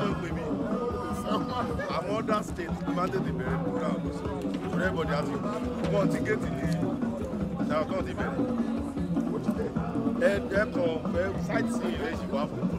náà pè mí àwọn other states ló máa ń tètè bẹ̀rẹ̀ program ọ̀gbọ̀sọ̀ for everybody has been wọ́n ti géètì ní ìdáwọ̀ kan ti bẹ̀rẹ̀ ẹ ẹ kọ sightseeing. sáìtì ilé ìṣìwà fún un.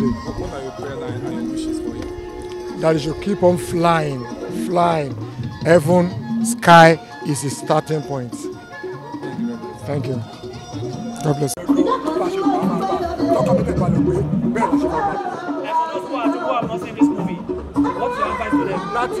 today. That you should keep on flying, flying. Heaven, sky is the starting point. Thank you. God bless. Láti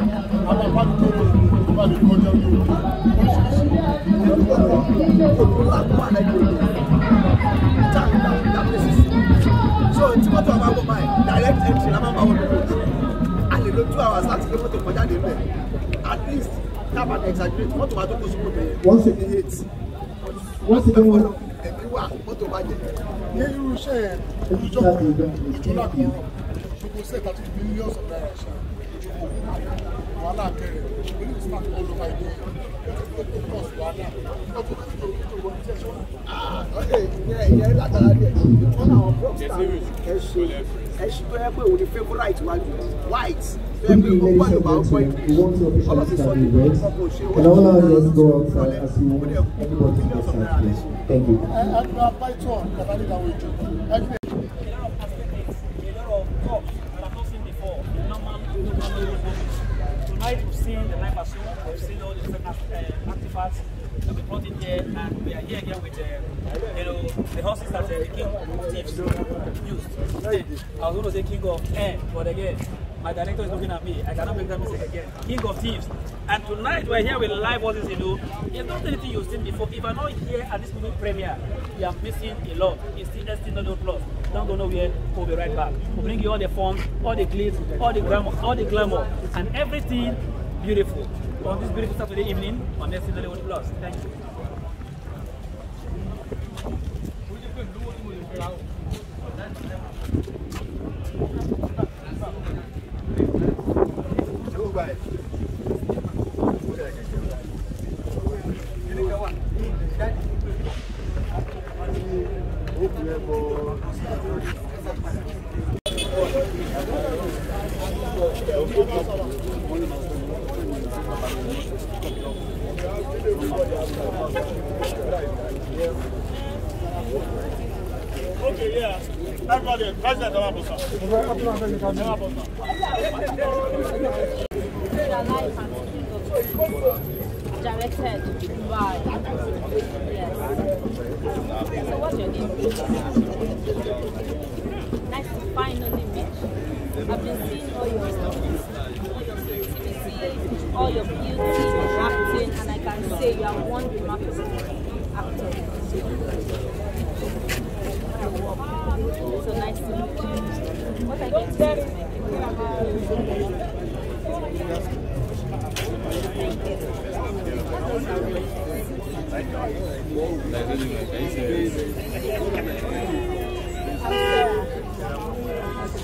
láti gbé mọ́tò kọjá lé bẹ̀ at least tábà exaggerate mọ́tò wa tó kó sókò bẹ̀yẹ. wọ́n sì ní eight. wọ́n sì ní one. ẹ̀mí wà mọ́tò bá jẹ. ní irú iṣẹ́ ìjọ ìjọba kan gbogbo ṣe thirty millions of naira ṣe wàhálà bẹ̀rẹ̀ we need to start all over again to cross wàhálà not to to to to to to to to to to to to to to to to to to ẹṣin tó yẹ pé òun ni favourite wa ju white tó yẹ pé òun wà lóba ọkọ ìgbé ọlọ́ ti sọ ní ọkọ̀ òṣèré wọn ló ń lọ wọlé ó dẹ̀ kú mílíọ̀nù náírà lẹ́sìn. ẹgbẹ́ apáìtọ́ kàtàlí làwọn ìjọ ẹgbẹ́. Tonight we've seen the Nine Basu, we've seen all the different uh, fat that we brought in here, and we are here again with uh, you know the horses that uh, the king of thieves used. I was going to say king of air, but again, my director is looking at me. I cannot make that mistake again. King of thieves. And tonight we're here with live horses, you know. It's not anything you've seen before. If I'm not here at this movie premiere, you are missing a lot. It's still ST Nodo Plus. Don't go nowhere. We'll be right back. We'll bring you all the fun, all the glitz, all the glamour, all the glamour, and everything beautiful. On this beautiful Saturday evening on FC Nollywood Plus. Thank you. Thank you. Okay, yeah. Everybody, Yes. So, what's your name? Nice to finally meet you. I've been seeing all your all your beauty, acting, and I can say you are one So nice to meet you. What I get to is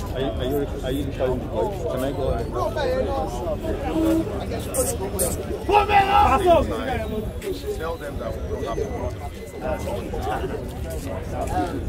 Are you, are you, are you trying to like, can I go ahead? Tell them that we don't have